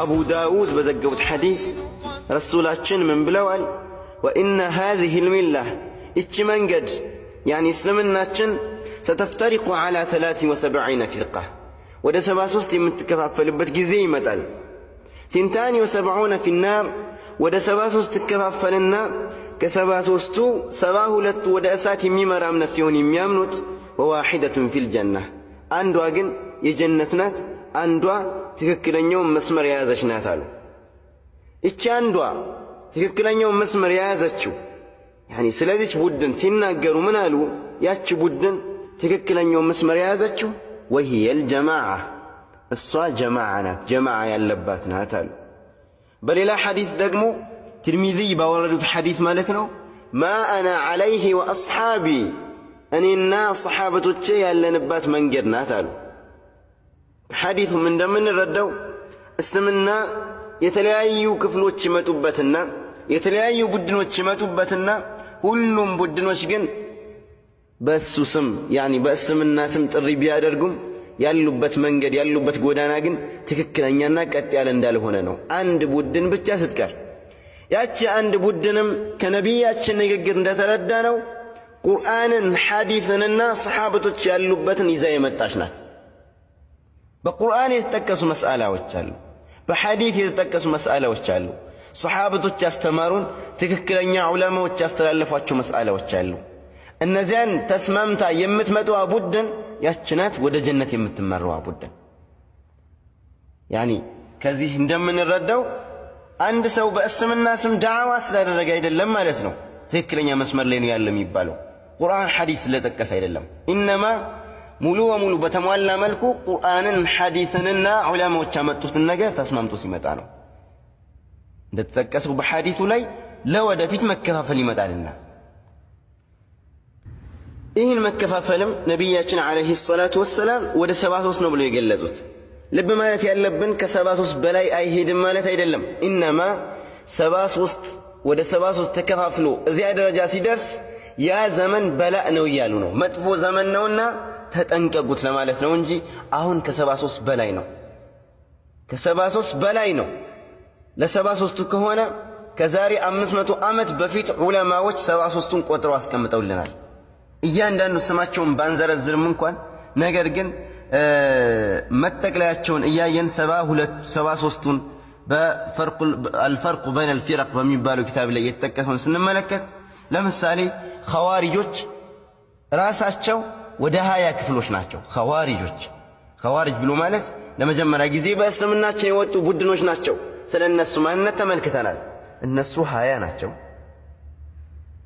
አቡ ዳውድ በዘገቡት ሐዲስ ረሱላችን ምን ብለዋል? ወኢነ ሃዚህ ልሚላህ ይቺ መንገድ ያኒ እስልምናችን ሰተፍተሪቁ ዓላ ተላቲን ወሰብዒነ ፊርቃ ወደ ሰባ ሦስት የምትከፋፈልበት ጊዜ ይመጣል። ቲንታኒ ወሰብዑነ ፊናር ወደ ሰባ ሦስት ትከፋፈልና ከሰባ ሦስቱ ሰባ ሁለቱ ወደ እሳት የሚመራ እምነት ሲሆን የሚያምኑት ወዋሒደቱን ፊልጀና አንዷ ግን የጀነት ናት። አንዷ ትክክለኛውን መስመር የያዘች ናት አሉ። እቺ አንዷ ትክክለኛውን መስመር የያዘችው ያኒ ስለዚች ቡድን ሲናገሩ ምን አሉ? ያቺ ቡድን ትክክለኛውን መስመር የያዘችው ወሂየል ጀማዓ እሷ ጀማዓ ናት፣ ጀማዓ ያለባት ናት አሉ። በሌላ ሐዲስ ደግሞ ትርሚዚ ባወረዱት ሐዲስ ማለት ነው ማ አና ዐለይህ ወአስሓቢ እኔና ሰሓበቶቼ ያለንባት መንገድ ናት አሉ። ሐዲቱም እንደምንረዳው እስልምና የተለያዩ ክፍሎች ይመጡበትና የተለያዩ ቡድኖች ይመጡበትና ሁሉም ቡድኖች ግን በእሱ ስም ያኒ በእስልምና ስም ጥሪ ቢያደርጉም ያሉበት መንገድ ያሉበት ጎዳና ግን ትክክለኛና ቀጥ ያለ እንዳልሆነ ነው። አንድ ቡድን ብቻ ስትቀር ያቺ አንድ ቡድንም ከነቢያችን ንግግር እንደተረዳ ነው ቁርአንን ሐዲትንና ሰሓበቶች ያሉበትን ይዛ የመጣች ናት። በቁርአን የተጠቀሱ መስአላዎች አሉ። በሐዲት የተጠቀሱ መስአላዎች አሉ። ሰሓበቶች ያስተማሩን ትክክለኛ ዑለማዎች ያስተላለፏቸው መስአላዎች አሉ። እነዚያን ተስማምታ የምትመጣዋ ቡድን ያችናት ወደ ጀነት የምትመራዋ ቡድን። ያኒ ከዚህ እንደምንረዳው አንድ ሰው በእስምና ስም ዳዕዋ ስላደረገ አይደለም ማለት ነው ትክክለኛ መስመር ላይ ነው ያለው የሚባለው ቁርአን ሐዲት ስለጠቀስ አይደለም ኢነማ ሙሉ በሙሉ በተሟላ መልኩ ቁርአንን ሐዲስንና ዑለማዎች ያመጡትን ነገር ተስማምቶ ሲመጣ ነው። እንደተጠቀሰው በሐዲሱ ላይ ለወደፊት መከፋፈል ይመጣልና ይህን መከፋፈልም ነቢያችን ዓለይሂ ሰላቱ ወሰላም ወደ ሰባ ሶስት ነው ብሎ የገለጹት። ልብ ማለት ያለብን ከሰባ ሶስት በላይ አይሄድም ማለት አይደለም። ኢነማ ሰባ ሶስት ወደ ሰባ ሶስት ተከፋፍሎ እዚያ ደረጃ ሲደርስ ያ ዘመን በላእ ነው እያሉ ነው። መጥፎ ዘመን ነውና ተጠንቀቁት ለማለት ነው እንጂ አሁን ከሰባ ሶስት በላይ ነው። ከሰባ ሶስት በላይ ነው። ለሰባ ሶስቱ ከሆነ ከዛሬ አምስት መቶ ዓመት በፊት ዑለማዎች ሰባ ሶስቱን ቆጥረው አስቀምጠውልናል። እያንዳንዱ ስማቸውን ባንዘረዝርም እንኳን ነገር ግን መጠቅለያቸውን እያየን ሰባ ሶስቱን አልፈርቁ በይን አልፊረቅ በሚባለው ኪታብ ላይ የተጠቀሰውን ስንመለከት ለምሳሌ ኸዋሪጆች ራሳቸው ወደ ሀያ ክፍሎች ናቸው። ኸዋሪጆች ኸዋሪጅ ብሎ ማለት ለመጀመሪያ ጊዜ በእስልምናችን የወጡ ቡድኖች ናቸው። ስለ እነሱ ማንነት ተመልክተናል። እነሱ ሀያ ናቸው።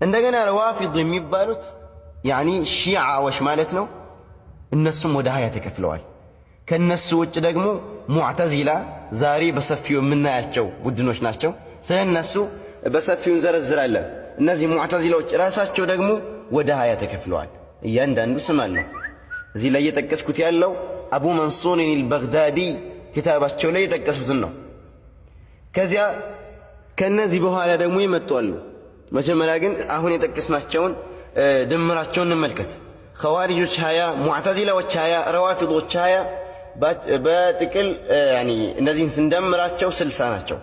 እንደገና ረዋፊድ የሚባሉት ያኒ ሺዓዎች ማለት ነው። እነሱም ወደ ሀያ ተከፍለዋል። ከነሱ ውጭ ደግሞ ሙዕተዚላ ዛሬ በሰፊው የምናያቸው ቡድኖች ናቸው። ስለ እነሱ በሰፊው እንዘረዝራለን። እነዚህ ሙዕተዚላዎች ራሳቸው ደግሞ ወደ ሀያ ተከፍለዋል። እያንዳንዱ ስም አለው። እዚህ ላይ እየጠቀስኩት ያለው አቡ መንሱርን አልበግዳዲ ኪታባቸው ላይ የጠቀሱትን ነው። ከዚያ ከነዚህ በኋላ ደግሞ ይመጣሉ። መጀመሪያ ግን አሁን የጠቀስናቸውን ድምራቸውን እንመልከት። ኸዋሪጆች ሀያ ሙዕተዚላዎች ሀያ ረዋፊዶች ሀያ በጥቅል እነዚህን ስንደምራቸው ስልሳ ናቸው።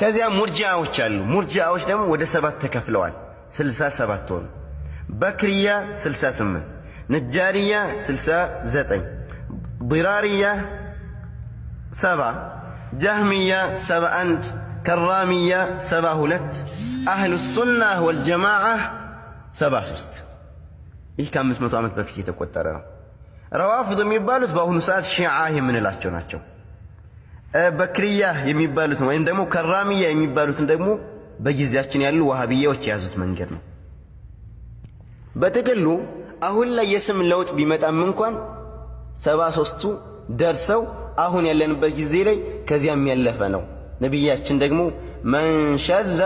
ከዚያ ሙርጅአዎች አሉ። ሙርጂዓዎች ደግሞ ወደ ሰባት ተከፍለዋል። ስልሳ ሰባት ሆኑ። በክርያ 68 ነጃሪያ 69 ዲራርያ 70 ጃህሚያ 71 ከራሚያ 72 አህሉ ሱና ወልጀማዓ 73 ይህ ከ500 ዓመት በፊት የተቆጠረ ነው። ረዋፊድ የሚባሉት በአሁኑ ሰዓት ሺዓ የምንላቸው ናቸው። በክርያ የሚባሉትን ወይም ደግሞ ከራሚያ የሚባሉትን ደግሞ በጊዜያችን ያሉ ዋሃብያዎች የያዙት መንገድ ነው። በጥቅሉ አሁን ላይ የስም ለውጥ ቢመጣም እንኳን ሰባ ሶስቱ ደርሰው አሁን ያለንበት ጊዜ ላይ ከዚያም ያለፈ ነው። ነቢያችን ደግሞ መን ሸዘ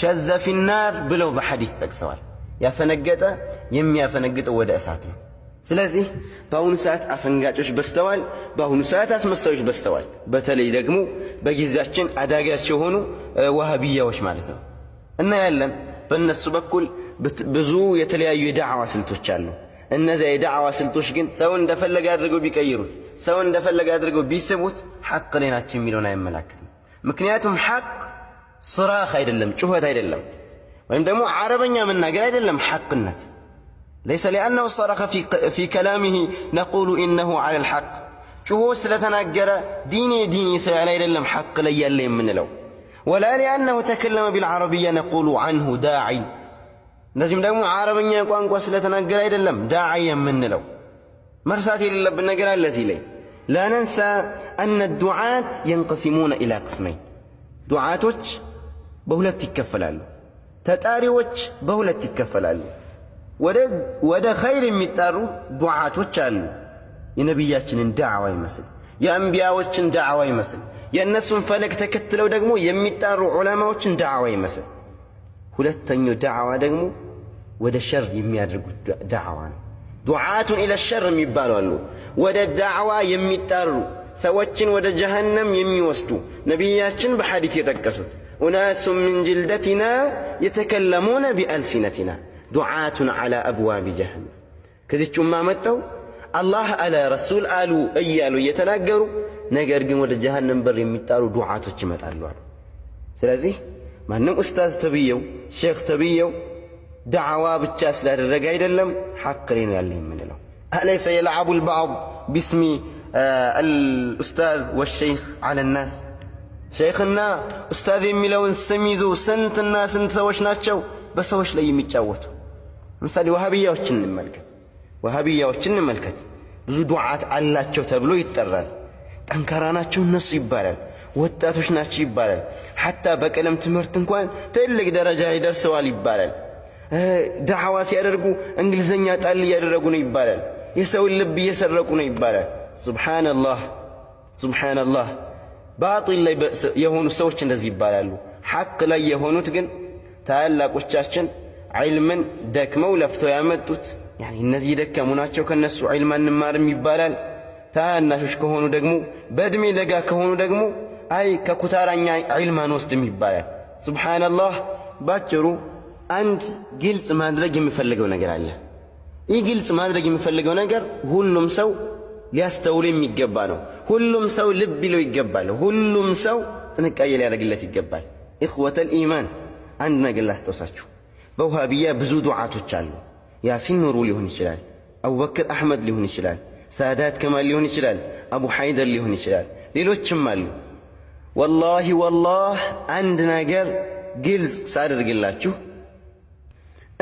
ሸዘ ፊናር ብለው በሐዲት ጠቅሰዋል። ያፈነገጠ የሚያፈነግጠው ወደ እሳት ነው። ስለዚህ በአሁኑ ሰዓት አፈንጋጮች በስተዋል። በአሁኑ ሰዓት አስመሳዮች በስተዋል። በተለይ ደግሞ በጊዜያችን አዳጋች የሆኑ ዋህብያዎች ማለት ነው እና ያለን በእነሱ በኩል ብዙ የተለያዩ የዳዕዋ ስልቶች አሉ። እነዚያ የዳዕዋ ስልቶች ግን ሰውን እንደፈለገ አድርገው ቢቀይሩት፣ ሰውን እንደፈለገ አድርገው ቢስቡት ሐቅ ላይ ናቸው የሚለውን አይመላክትም። ምክንያቱም ሐቅ ስራህ አይደለም፣ ጩኸት አይደለም፣ ወይም ደግሞ አረበኛ መናገር አይደለም። ሐቅነት ለይሰ ሊአነሁ ሰረኸ ፊ ከላሚሂ ነቁሉ ኢነሁ ዐለል ሐቅ ጩሆ ስለተናገረ ዲኔ ዲኔ ስላለ አይደለም ሐቅ ላይ ያለ የምንለው ወላ ሊአነሁ ተከለመ ቢልዓረብያ ነቁሉ ዐንሁ ዳዒ እንደዚሁም ደግሞ አረብኛ ቋንቋ ስለተናገረ አይደለም ዳዓ የምንለው። መርሳት የሌለብን ነገር አለ እዚህ ላይ ላነንሳ አነ ዱዓት የንቀሲሙነ ኢላ ቅስመይ ዱዓቶች በሁለት ይከፈላሉ። ተጣሪዎች በሁለት ይከፈላሉ። ወደ ኸይር የሚጣሩ ዱዓቶች አሉ። የነቢያችንን ዳዕዋ ይመስል የአንቢያዎችን ዳዕዋ ይመስል የእነሱን ፈለግ ተከትለው ደግሞ የሚጣሩ ዑለማዎችን ዳዕዋ ይመስል ሁለተኛው ዳዕዋ ደግሞ ወደ ሸር የሚያደርጉት ዳዕዋ ነው። ዱዓቱን ኢለ ሸር የሚባሉ አሉ። ወደ ዳዕዋ የሚጠሩ ሰዎችን ወደ ጀሃነም የሚወስዱ ነቢያችን በሐዲት የጠቀሱት ኡናሱን ምን ጅልደትና የተከለሙነ ቢአልሲነትና ዱዓቱን ዓላ አብዋቢ ጀሃነም። ከዚች ማ መጠው አላህ አለ ረሱል አሉ እያሉ እየተናገሩ ነገር ግን ወደ ጀሃነም በር የሚጣሩ ዱዓቶች ይመጣሉ አሉ። ስለዚህ ማንም ኡስታዝ ተብየው ሼክ ተብየው ዳዕዋ ብቻ ስላደረገ አይደለም ሐቅ ላይ ነው ያለ የምንለው። አለይሰ የልዓቡ ልባዕድ ቢስሚ አልኡስታዝ ወሸይኽ አለ ናስ ሸይኽና ኡስታዝ የሚለውን ስም ይዞ ስንትና ስንት ሰዎች ናቸው በሰዎች ላይ የሚጫወቱ። ለምሳሌ ዋሃብያዎችን እንመልከት፣ ዋሃብያዎችን እንመልከት። ብዙ ዱዓት አላቸው ተብሎ ይጠራል። ጠንካራ ናቸው እነሱ ይባላል። ወጣቶች ናቸው ይባላል። ሐታ በቀለም ትምህርት እንኳን ትልቅ ደረጃ ላይ ደርሰዋል ይባላል። ዳዕዋ ሲያደርጉ እንግሊዘኛ ጣል እያደረጉ ነው ይባላል። የሰውን ልብ እየሰረቁ ነው ይባላል። ሱብሓነላህ ሱብሓነላህ። ባጢል ላይ የሆኑ ሰዎች እንደዚህ ይባላሉ። ሐቅ ላይ የሆኑት ግን ታላላቆቻችን ዒልምን ደክመው ለፍተው ያመጡት እነዚህ ደከሙ ናቸው፣ ከነሱ ዒልም አንማርም ይባላል። ታናሾች ከሆኑ ደግሞ በእድሜ ለጋ ከሆኑ ደግሞ አይ ከኩታራኛ ዒልም አንወስድም ይባላል። ሱብሓነላህ ባጭሩ አንድ ግልጽ ማድረግ የሚፈልገው ነገር አለ። ይህ ግልጽ ማድረግ የሚፈልገው ነገር ሁሉም ሰው ሊያስተውሉ የሚገባ ነው። ሁሉም ሰው ልብ ሊለው ይገባል። ሁሉም ሰው ጥንቃቄ ሊያደርግለት ይገባል። ኢኽወተል ኢማን አንድ ነገር ላስታውሳችሁ፣ በውሃብያ ብዙ ዱዓቶች አሉ። ያሲን ኑሩ ሊሆን ይችላል፣ አቡበክር አሕመድ ሊሆን ይችላል፣ ሳዳት ከማል ሊሆን ይችላል፣ አቡ ሐይደር ሊሆን ይችላል፣ ሌሎችም አሉ። ወላሂ ወላህ አንድ ነገር ግልጽ ሳደርግላችሁ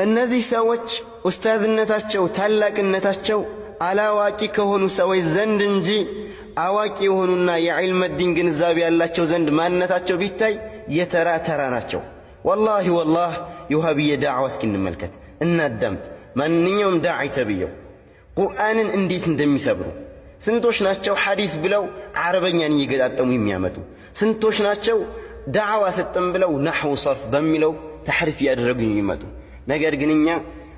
እነዚህ ሰዎች ኡስታዝነታቸው ታላቅነታቸው አላዋቂ ከሆኑ ሰዎች ዘንድ እንጂ አዋቂ የሆኑና የዕልመ ዲን ግንዛቤ ያላቸው ዘንድ ማንነታቸው ቢታይ የተራ ተራ ናቸው። ወላሂ ወላህ የውሃብዬ ዳዕዋ እስኪ እንመልከት እናዳምጥ። ማንኛውም ዳዒ ተብየው ቁርአንን እንዴት እንደሚሰብሩ ስንቶች ናቸው? ሐዲስ ብለው ዓረበኛን እየገጣጠሙ የሚያመጡ ስንቶች ናቸው? ዳዕዋ ስጥም ብለው ናሕው ሰርፍ በሚለው ተሕሪፍ እያደረጉ የሚመጡ ነገር ግን እኛ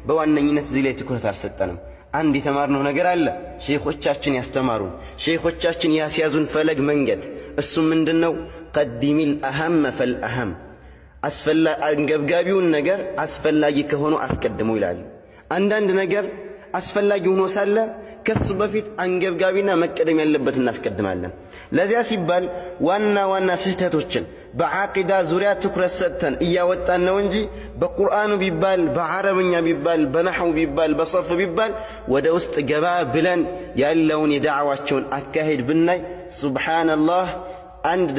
በዋነኝነት እዚህ ላይ ትኩረት አልሰጠንም። አንድ የተማርነው ነገር አለ። ሼኾቻችን ያስተማሩን ሼኾቻችን ያስያዙን ፈለግ መንገድ እሱም ምንድን ነው? ቀዲሚል መፈል ፈልአሀም አንገብጋቢውን ነገር አስፈላጊ ከሆኑ አስቀድሙ ይላሉ። አንዳንድ ነገር አስፈላጊ ሆኖ ሳለ ከሱ በፊት አንገብጋቢና መቀደም ያለበት እናስቀድማለን። ለዚያ ሲባል ዋና ዋና ስህተቶችን በዓቂዳ ዙሪያ ትኩረት ሰጥተን እያወጣን ነው እንጂ በቁርአኑ ቢባል በዓረብኛ ቢባል በናሕው ቢባል በሰርፍ ቢባል ወደ ውስጥ ገባ ብለን ያለውን የዳዕዋቸውን አካሄድ ብናይ ሱብሓነላህ አንድ